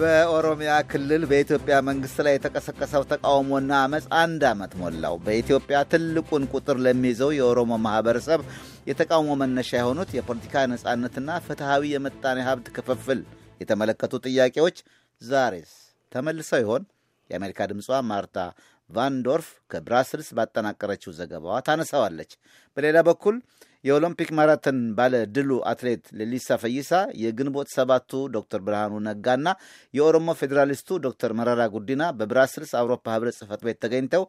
በኦሮሚያ ክልል በኢትዮጵያ መንግስት ላይ የተቀሰቀሰው ተቃውሞና አመፅ አንድ ዓመት ሞላው። በኢትዮጵያ ትልቁን ቁጥር ለሚይዘው የኦሮሞ ማህበረሰብ የተቃውሞ መነሻ የሆኑት የፖለቲካ ነፃነትና ፍትሐዊ የምጣኔ ሀብት ክፍፍል የተመለከቱ ጥያቄዎች ዛሬስ ተመልሰው ይሆን? የአሜሪካ ድምጿ ማርታ ቫንዶርፍ ከብራስልስ ባጠናቀረችው ዘገባዋ ታነሳዋለች። በሌላ በኩል የኦሎምፒክ ማራቶን ባለ ድሉ አትሌት ሌሊሳ ፈይሳ፣ የግንቦት ሰባቱ ዶክተር ብርሃኑ ነጋና የኦሮሞ ፌዴራሊስቱ ዶክተር መረራ ጉዲና በብራስልስ አውሮፓ ህብረት ጽህፈት ቤት ተገኝተው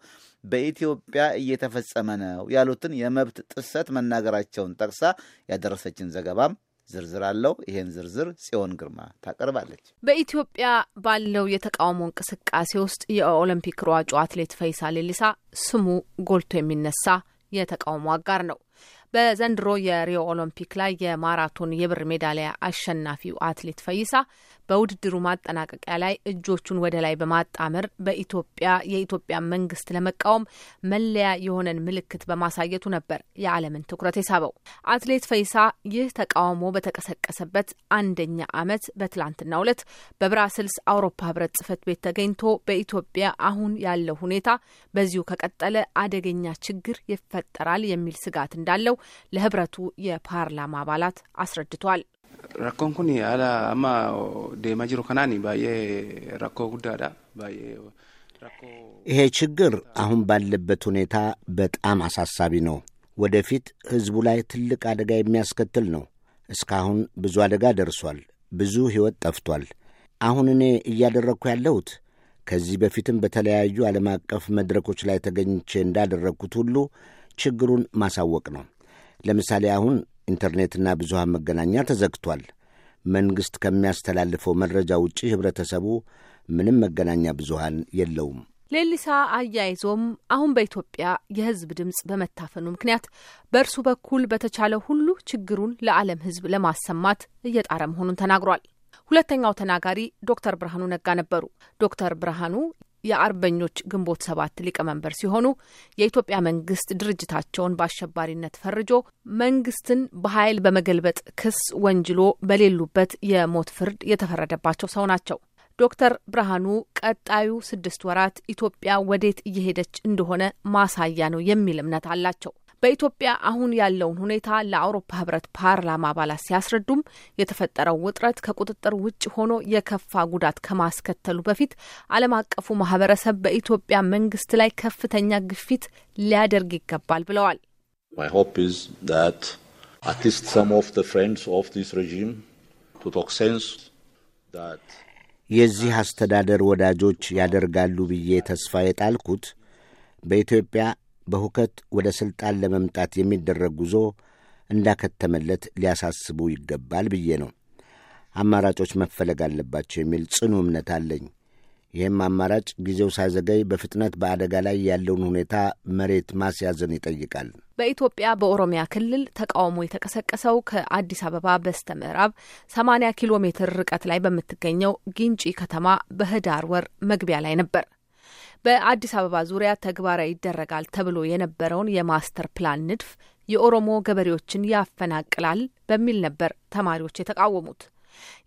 በኢትዮጵያ እየተፈጸመ ነው ያሉትን የመብት ጥሰት መናገራቸውን ጠቅሳ ያደረሰችን ዘገባም ዝርዝር አለው። ይሄን ዝርዝር ጽዮን ግርማ ታቀርባለች። በኢትዮጵያ ባለው የተቃውሞ እንቅስቃሴ ውስጥ የኦሎምፒክ ሯጩ አትሌት ፈይሳ ሌሊሳ ስሙ ጎልቶ የሚነሳ የተቃውሞ አጋር ነው። በዘንድሮ የሪዮ ኦሎምፒክ ላይ የማራቶን የብር ሜዳሊያ አሸናፊው አትሌት ፈይሳ በውድድሩ ማጠናቀቂያ ላይ እጆቹን ወደ ላይ በማጣመር በኢትዮጵያ የኢትዮጵያ መንግስት ለመቃወም መለያ የሆነን ምልክት በማሳየቱ ነበር የዓለምን ትኩረት የሳበው። አትሌት ፈይሳ ይህ ተቃውሞ በተቀሰቀሰበት አንደኛ ዓመት በትላንትናው ዕለት በብራስልስ አውሮፓ ህብረት ጽህፈት ቤት ተገኝቶ በኢትዮጵያ አሁን ያለው ሁኔታ በዚሁ ከቀጠለ አደገኛ ችግር ይፈጠራል የሚል ስጋት እንዳለው ለህብረቱ የፓርላማ አባላት አስረድቷል። Rakkoon kun haala amma deemaa jiru kanaan baay'ee rakkoo guddaadha baay'ee ይሄ ችግር አሁን ባለበት ሁኔታ በጣም አሳሳቢ ነው። ወደፊት ሕዝቡ ላይ ትልቅ አደጋ የሚያስከትል ነው። እስካሁን ብዙ አደጋ ደርሷል። ብዙ ሕይወት ጠፍቷል። አሁን እኔ እያደረግኩ ያለሁት ከዚህ በፊትም በተለያዩ ዓለም አቀፍ መድረኮች ላይ ተገኝቼ እንዳደረግኩት ሁሉ ችግሩን ማሳወቅ ነው። ለምሳሌ አሁን ኢንተርኔትና ብዙሃን መገናኛ ተዘግቷል። መንግሥት ከሚያስተላልፈው መረጃ ውጪ ህብረተሰቡ ምንም መገናኛ ብዙሃን የለውም። ሌሊሳ አያይዞም አሁን በኢትዮጵያ የህዝብ ድምጽ በመታፈኑ ምክንያት በእርሱ በኩል በተቻለ ሁሉ ችግሩን ለዓለም ህዝብ ለማሰማት እየጣረ መሆኑን ተናግሯል። ሁለተኛው ተናጋሪ ዶክተር ብርሃኑ ነጋ ነበሩ። ዶክተር ብርሃኑ የአርበኞች ግንቦት ሰባት ሊቀመንበር ሲሆኑ የኢትዮጵያ መንግስት ድርጅታቸውን በአሸባሪነት ፈርጆ መንግስትን በኃይል በመገልበጥ ክስ ወንጅሎ በሌሉበት የሞት ፍርድ የተፈረደባቸው ሰው ናቸው። ዶክተር ብርሃኑ ቀጣዩ ስድስት ወራት ኢትዮጵያ ወዴት እየሄደች እንደሆነ ማሳያ ነው የሚል እምነት አላቸው። በኢትዮጵያ አሁን ያለውን ሁኔታ ለአውሮፓ ህብረት ፓርላማ አባላት ሲያስረዱም የተፈጠረው ውጥረት ከቁጥጥር ውጭ ሆኖ የከፋ ጉዳት ከማስከተሉ በፊት ዓለም አቀፉ ማህበረሰብ በኢትዮጵያ መንግስት ላይ ከፍተኛ ግፊት ሊያደርግ ይገባል ብለዋል። የዚህ አስተዳደር ወዳጆች ያደርጋሉ ብዬ ተስፋ የጣልኩት በኢትዮጵያ በሁከት ወደ ሥልጣን ለመምጣት የሚደረግ ጉዞ እንዳከተመለት ሊያሳስቡ ይገባል ብዬ ነው። አማራጮች መፈለግ አለባቸው የሚል ጽኑ እምነት አለኝ። ይህም አማራጭ ጊዜው ሳይዘገይ በፍጥነት በአደጋ ላይ ያለውን ሁኔታ መሬት ማስያዝን ይጠይቃል። በኢትዮጵያ በኦሮሚያ ክልል ተቃውሞ የተቀሰቀሰው ከአዲስ አበባ በስተ ምዕራብ 80 ኪሎ ሜትር ርቀት ላይ በምትገኘው ጊንጪ ከተማ በህዳር ወር መግቢያ ላይ ነበር። በአዲስ አበባ ዙሪያ ተግባራዊ ይደረጋል ተብሎ የነበረውን የማስተር ፕላን ንድፍ የኦሮሞ ገበሬዎችን ያፈናቅላል በሚል ነበር ተማሪዎች የተቃወሙት።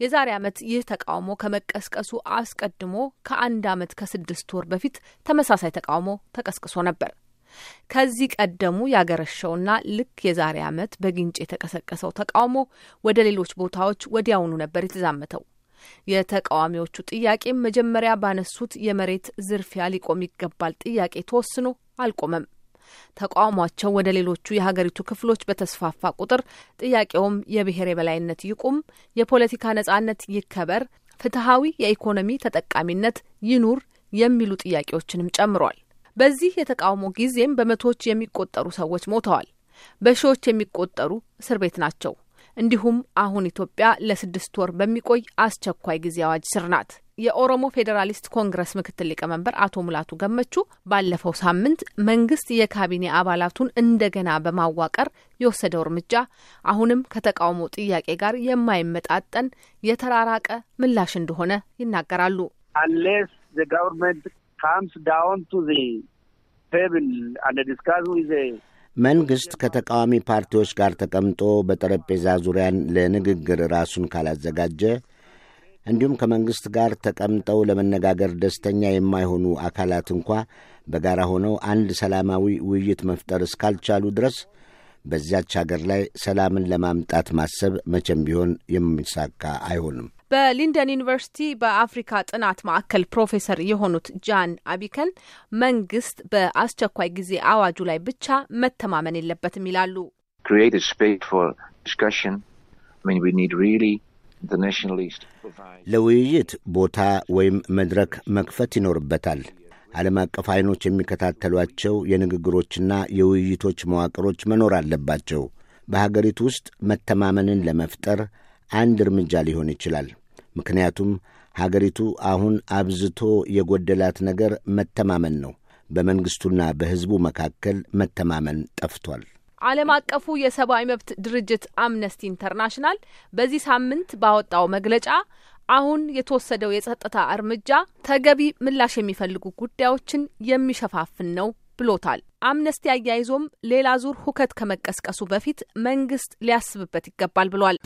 የዛሬ ዓመት ይህ ተቃውሞ ከመቀስቀሱ አስቀድሞ ከአንድ ዓመት ከስድስት ወር በፊት ተመሳሳይ ተቃውሞ ተቀስቅሶ ነበር። ከዚህ ቀደሙ ያገረሸውና ልክ የዛሬ ዓመት በግንጭ የተቀሰቀሰው ተቃውሞ ወደ ሌሎች ቦታዎች ወዲያውኑ ነበር የተዛመተው። የተቃዋሚዎቹ ጥያቄ መጀመሪያ ባነሱት የመሬት ዝርፊያ ሊቆም ይገባል ጥያቄ ተወስኖ አልቆመም። ተቃውሟቸው ወደ ሌሎቹ የሀገሪቱ ክፍሎች በተስፋፋ ቁጥር ጥያቄውም የብሔር የበላይነት ይቁም፣ የፖለቲካ ነጻነት ይከበር፣ ፍትሐዊ የኢኮኖሚ ተጠቃሚነት ይኑር የሚሉ ጥያቄዎችንም ጨምሯል። በዚህ የተቃውሞ ጊዜም በመቶዎች የሚቆጠሩ ሰዎች ሞተዋል። በሺዎች የሚቆጠሩ እስር ቤት ናቸው። እንዲሁም አሁን ኢትዮጵያ ለስድስት ወር በሚቆይ አስቸኳይ ጊዜ አዋጅ ስር ናት። የኦሮሞ ፌዴራሊስት ኮንግረስ ምክትል ሊቀመንበር አቶ ሙላቱ ገመቹ ባለፈው ሳምንት መንግስት የካቢኔ አባላቱን እንደገና በማዋቀር የወሰደው እርምጃ አሁንም ከተቃውሞ ጥያቄ ጋር የማይመጣጠን የተራራቀ ምላሽ እንደሆነ ይናገራሉ። አንሌስ ዘ ገቨርንመንት ካምስ ዳውን ቱ ዘ ቴብል አንድ ዲስካስ ዊዝ መንግሥት ከተቃዋሚ ፓርቲዎች ጋር ተቀምጦ በጠረጴዛ ዙሪያን ለንግግር ራሱን ካላዘጋጀ እንዲሁም ከመንግሥት ጋር ተቀምጠው ለመነጋገር ደስተኛ የማይሆኑ አካላት እንኳ በጋራ ሆነው አንድ ሰላማዊ ውይይት መፍጠር እስካልቻሉ ድረስ በዚያች አገር ላይ ሰላምን ለማምጣት ማሰብ መቼም ቢሆን የሚሳካ አይሆንም። በሊንደን ዩኒቨርሲቲ በአፍሪካ ጥናት ማዕከል ፕሮፌሰር የሆኑት ጃን አቢከን መንግስት በአስቸኳይ ጊዜ አዋጁ ላይ ብቻ መተማመን የለበትም ይላሉ። ለውይይት ቦታ ወይም መድረክ መክፈት ይኖርበታል። ዓለም አቀፍ አይኖች የሚከታተሏቸው የንግግሮችና የውይይቶች መዋቅሮች መኖር አለባቸው። በሀገሪቱ ውስጥ መተማመንን ለመፍጠር አንድ እርምጃ ሊሆን ይችላል። ምክንያቱም ሀገሪቱ አሁን አብዝቶ የጎደላት ነገር መተማመን ነው። በመንግስቱና በሕዝቡ መካከል መተማመን ጠፍቷል። ዓለም አቀፉ የሰብአዊ መብት ድርጅት አምነስቲ ኢንተርናሽናል በዚህ ሳምንት ባወጣው መግለጫ አሁን የተወሰደው የጸጥታ እርምጃ ተገቢ ምላሽ የሚፈልጉ ጉዳዮችን የሚሸፋፍን ነው ብሎታል። አምነስቲ አያይዞም ሌላ ዙር ሁከት ከመቀስቀሱ በፊት መንግስት ሊያስብበት ይገባል ብሏል።